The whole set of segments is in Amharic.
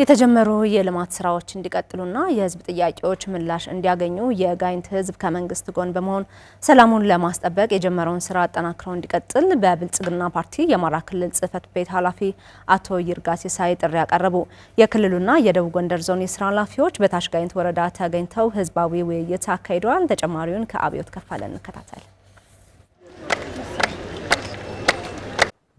የተጀመሩ የልማት ስራዎች እንዲቀጥሉና የህዝብ ጥያቄዎች ምላሽ እንዲያገኙ የጋይንት ህዝብ ከመንግስት ጎን በመሆን ሰላሙን ለማስጠበቅ የጀመረውን ስራ አጠናክረው እንዲቀጥል በብልጽግና ፓርቲ የአማራ ክልል ጽህፈት ቤት ኃላፊ አቶ ይርጋ ሲሳይ ጥሪ ያቀረቡ። የክልሉና የደቡብ ጎንደር ዞን የስራ ኃላፊዎች በታች ጋይንት ወረዳ ተገኝተው ህዝባዊ ውይይት አካሂደዋል። ተጨማሪውን ከአብዮት ከፋለ እንከታተል።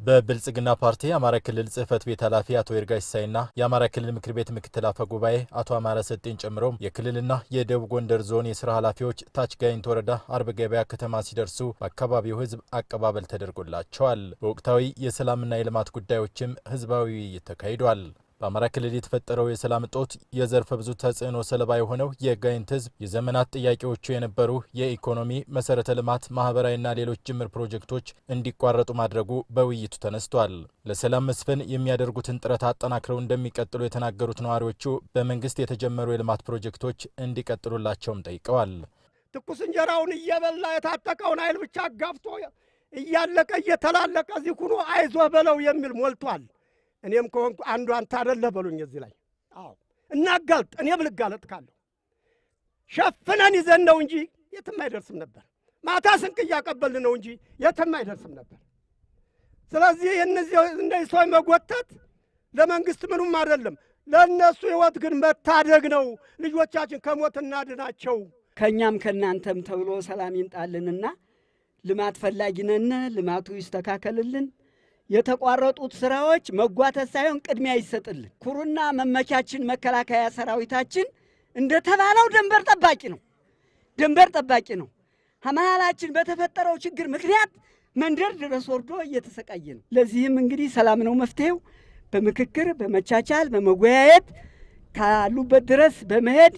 በብልጽግና ፓርቲ የአማራ ክልል ጽህፈት ቤት ኃላፊ አቶ ይርጋ ሲሳይና የአማራ ክልል ምክር ቤት ምክትል አፈ ጉባኤ አቶ አማረ ሰጤን ጨምሮ የክልልና የደቡብ ጎንደር ዞን የስራ ኃላፊዎች ታች ጋይንት ወረዳ አርብ ገበያ ከተማ ሲደርሱ በአካባቢው ህዝብ አቀባበል ተደርጎላቸዋል። በወቅታዊ የሰላምና የልማት ጉዳዮችም ህዝባዊ ውይይት ተካሂዷል። በአማራ ክልል የተፈጠረው የሰላም እጦት የዘርፈ ብዙ ተጽዕኖ ሰለባ የሆነው የጋይንት ህዝብ የዘመናት ጥያቄዎቹ የነበሩ የኢኮኖሚ መሰረተ ልማት፣ ማህበራዊና ሌሎች ጅምር ፕሮጀክቶች እንዲቋረጡ ማድረጉ በውይይቱ ተነስቷል። ለሰላም መስፈን የሚያደርጉትን ጥረት አጠናክረው እንደሚቀጥሉ የተናገሩት ነዋሪዎቹ በመንግስት የተጀመሩ የልማት ፕሮጀክቶች እንዲቀጥሉላቸውም ጠይቀዋል። ትኩስ እንጀራውን እየበላ የታጠቀውን ኃይል ብቻ ጋብቶ እያለቀ እየተላለቀ እዚህ ሁኖ አይዞህ በለው የሚል ሞልቷል። እኔም ከሆንኩ አንዱ አንተ አደለህ በሉኝ። እዚህ ላይ አዎ እናጋልጥ፣ እኔም ልጋለጥ ካለሁ ሸፍነን ይዘን ነው እንጂ የትም አይደርስም ነበር። ማታ ስንቅ እያቀበልን ነው እንጂ የትም አይደርስም ነበር። ስለዚህ እነዚህ ሰው መጎተት ለመንግስት ምኑም አይደለም። ለእነሱ ህይወት ግን መታደግ ነው። ልጆቻችን ከሞት እናድናቸው፣ ከእኛም ከእናንተም ተብሎ ሰላም ይምጣልንና ልማት ፈላጊነን ልማቱ ይስተካከልልን። የተቋረጡት ስራዎች መጓተት ሳይሆን ቅድሚያ ይሰጥልን። ኩሩና መመቻችን መከላከያ ሰራዊታችን እንደተባለው ደንበር ጠባቂ ነው፣ ደንበር ጠባቂ ነው። መሀላችን በተፈጠረው ችግር ምክንያት መንደር ድረስ ወርዶ እየተሰቃየ ነው። ለዚህም እንግዲህ ሰላም ነው መፍትሄው፣ በምክክር በመቻቻል በመወያየት ካሉበት ድረስ በመሄድ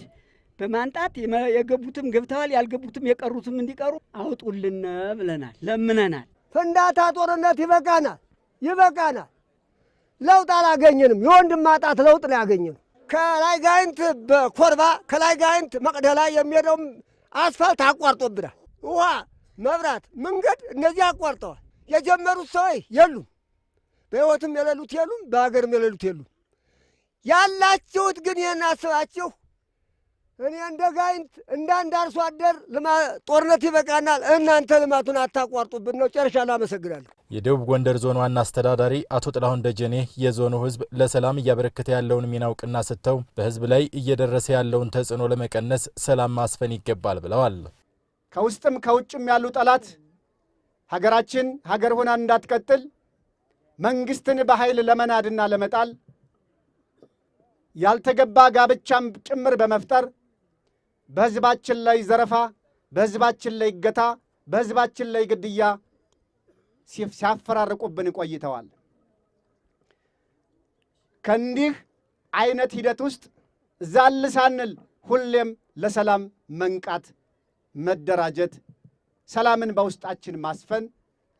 በማንጣት የገቡትም ገብተዋል፣ ያልገቡትም የቀሩትም እንዲቀሩ አውጡልን ብለናል፣ ለምነናል። ፍንዳታ ጦርነት ይበቃናል። ይበቃናል። ለውጥ አላገኘንም። የወንድም ማጣት ለውጥ ነው ያገኘነው። ከላይ ጋይንት በኮርባ ከላይ ጋይንት መቅደላ የሚሄደውም አስፋልት አቋርጦብናል። ውሃ፣ መብራት፣ መንገድ እነዚህ አቋርጠዋል። የጀመሩት ሰዎች የሉም። በሕይወትም የሌሉት የሉም፣ በሀገርም የሌሉት የሉም። ያላችሁት ግን ይህን አስባችሁ እኔ እንደ ጋይንት እንደ አንድ አርሶ አደር ጦርነት ይበቃናል፣ እናንተ ልማቱን አታቋርጡብን ነው። ጨረሻ ላመሰግናለሁ። የደቡብ ጎንደር ዞን ዋና አስተዳዳሪ አቶ ጥላሁን ደጀኔ የዞኑ ሕዝብ ለሰላም እያበረከተ ያለውን ሚና እውቅና ሰጥተው በሕዝብ ላይ እየደረሰ ያለውን ተጽዕኖ ለመቀነስ ሰላም ማስፈን ይገባል ብለዋል። ከውስጥም ከውጭም ያሉ ጠላት ሀገራችን ሀገር ሆና እንዳትቀጥል መንግስትን በኃይል ለመናድና ለመጣል ያልተገባ ጋብቻም ጭምር በመፍጠር በህዝባችን ላይ ዘረፋ፣ በህዝባችን ላይ እገታ፣ በህዝባችን ላይ ግድያ ሲያፈራርቁብን ቆይተዋል። ከእንዲህ አይነት ሂደት ውስጥ ዛል ሳንል ሁሌም ለሰላም መንቃት፣ መደራጀት፣ ሰላምን በውስጣችን ማስፈን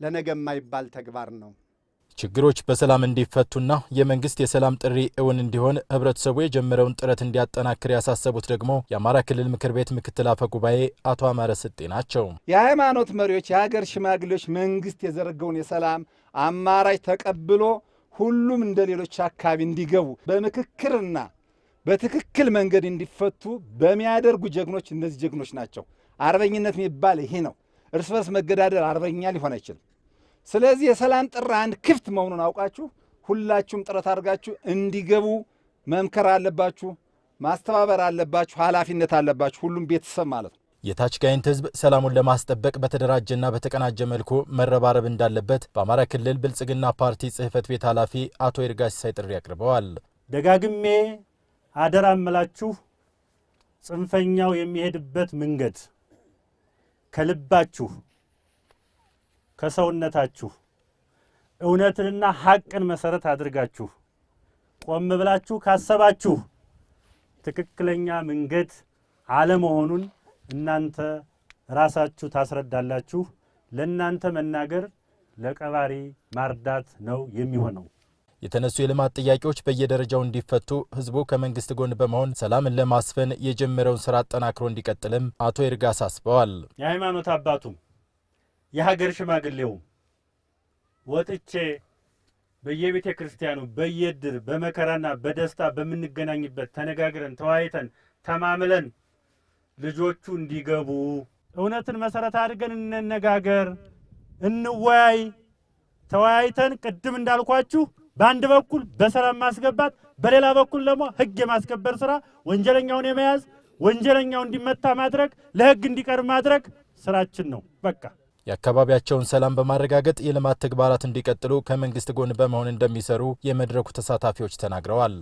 ለነገ የማይባል ተግባር ነው። ችግሮች በሰላም እንዲፈቱና የመንግስት የሰላም ጥሪ እውን እንዲሆን ህብረተሰቡ የጀመረውን ጥረት እንዲያጠናክር ያሳሰቡት ደግሞ የአማራ ክልል ምክር ቤት ምክትል አፈ ጉባኤ አቶ አማረ ስጤ ናቸው። የሃይማኖት መሪዎች፣ የሀገር ሽማግሌዎች መንግስት የዘረገውን የሰላም አማራጭ ተቀብሎ ሁሉም እንደ ሌሎች አካባቢ እንዲገቡ በምክክርና በትክክል መንገድ እንዲፈቱ በሚያደርጉ ጀግኖች እነዚህ ጀግኖች ናቸው። አርበኝነት የሚባል ይሄ ነው። እርስ በርስ መገዳደር አርበኛ ሊሆን አይችልም። ስለዚህ የሰላም ጥሪ አንድ ክፍት መሆኑን አውቃችሁ ሁላችሁም ጥረት አድርጋችሁ እንዲገቡ መምከር አለባችሁ፣ ማስተባበር አለባችሁ፣ ኃላፊነት አለባችሁ። ሁሉም ቤተሰብ ማለት ነው። የታች ጋይንት ህዝብ ሰላሙን ለማስጠበቅ በተደራጀና በተቀናጀ መልኩ መረባረብ እንዳለበት በአማራ ክልል ብልጽግና ፓርቲ ጽህፈት ቤት ኃላፊ አቶ ይርጋ ሲሳይ ጥሪ አቅርበዋል። ደጋግሜ አደራ እምላችሁ ጽንፈኛው የሚሄድበት መንገድ ከልባችሁ ከሰውነታችሁ እውነትንና ሐቅን መሰረት አድርጋችሁ ቆም ብላችሁ ካሰባችሁ ትክክለኛ መንገድ አለመሆኑን እናንተ ራሳችሁ ታስረዳላችሁ። ለእናንተ መናገር ለቀባሪ ማርዳት ነው የሚሆነው። የተነሱ የልማት ጥያቄዎች በየደረጃው እንዲፈቱ ህዝቡ ከመንግስት ጎን በመሆን ሰላምን ለማስፈን የጀመረውን ስራ አጠናክሮ እንዲቀጥልም አቶ ይርጋ አሳስበዋል። የሃይማኖት አባቱም የሀገር ሽማግሌው ወጥቼ በየቤተ ክርስቲያኑ በየድር በመከራና በደስታ በምንገናኝበት ተነጋግረን ተወያይተን ተማምለን ልጆቹ እንዲገቡ እውነትን መሰረት አድርገን እንነጋገር፣ እንወያይ። ተወያይተን ቅድም እንዳልኳችሁ በአንድ በኩል በሰላም ማስገባት፣ በሌላ በኩል ደግሞ ህግ የማስከበር ስራ ወንጀለኛውን የመያዝ ወንጀለኛው እንዲመታ ማድረግ፣ ለህግ እንዲቀርብ ማድረግ ስራችን ነው። በቃ የአካባቢያቸውን ሰላም በማረጋገጥ የልማት ተግባራት እንዲቀጥሉ ከመንግስት ጎን በመሆን እንደሚሰሩ የመድረኩ ተሳታፊዎች ተናግረዋል።